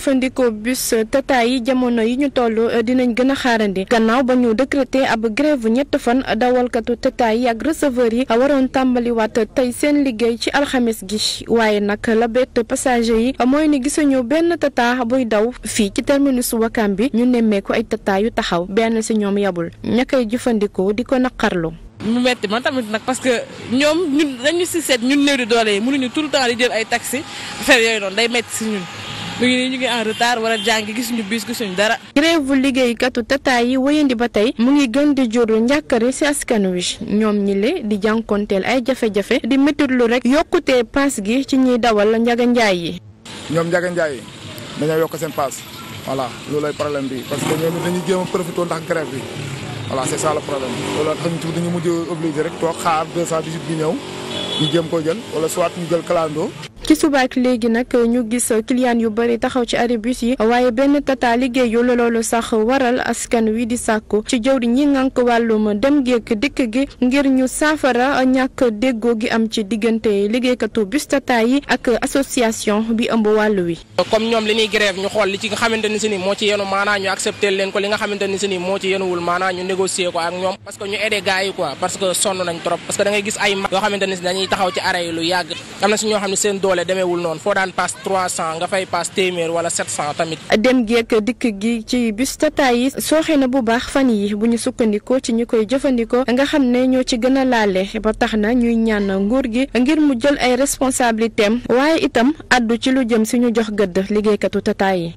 jëfandikoo bus tata yi jamono yi ñu toll eh, dinañ gën a xaarandi gannaaw ba ñu décrété ab grève ñett fan dawalkatu tata yi ak yi waroon tàmbaliwaat tey seen liggéey ci alxames gi waaye nag la bett passager yi mooy ni gisuñu benn tata buy daw fii ci terminus Wakam bi ñu nemmeeku ay tata yu taxaw benn si ñoom yabul ña koy jëfandikoo di ko naqarlu. mu metti man tamit nag parce que ñoom ñun dañu si seet ñun néew di doole yi mënuñu tout le temps di ay taxi affaire day metti si ñun. mu ngi nii ñu ngi en retard war a jàngi gisuñu bis gisuñu dara. grève liggéeykatu tata yi wéyandi ba tey mu ngi gën di jur njàkkare ci askan wi ñoom ñi le di jànkonteel ay jafe-jafe di métitlu rek yokkutee paas gi ci ñuy dawal njaga njaay yi. ñoom njaga njaay yi dañoo yokk seen paas voilà loolu lay problème bi parce que ñoom dañuy jéem a profité ndax grève bi voilà c'est la le problème loolu tax ñu ci dañu mujj obligé rek toog xaar 218 bi ñëw ñu jéem koo jël wala soit ñu jël ci subaak léegi nag ñu gis client yu bëri taxaw ci arrêt bus yi waaye benn tata liggéeyul loolu sax waral askan wi di sàkku ci jëwri ñi ngànk wàllum dem geek dikk gi ngir ñu saafara ñàkk déggoo gi am ci diggante liggéeykatu bus tata yi ak association bi ëmb wàllu wi. comme ñoom li ñuy grève ñu xool li ci nga xamante ni si ni moo ci yenu maanaa ñu accepté leen ko li nga xamante ni si ni moo ci yenuwul maanaa ñu négocier ko ak ñoom parce ñu aidé gars ay mag yoo xamante ni na si ñoo xam ne seen demewul noon foo daan paas 300 nga fay paas téeméer wala 700 tamit. dem gi ak dikk gi ci bis tata yi sooxe na bu baax fan yi bu ñu sukkandikoo ci ñu koy jëfandikoo nga xam ne ñoo ci gën a laale ba tax na ñuy ñaan nguur gi ngir mu jël ay responsabilités waaye itam àddu ci lu jëm si ñu jox gëdd liggéeykatu tata yi.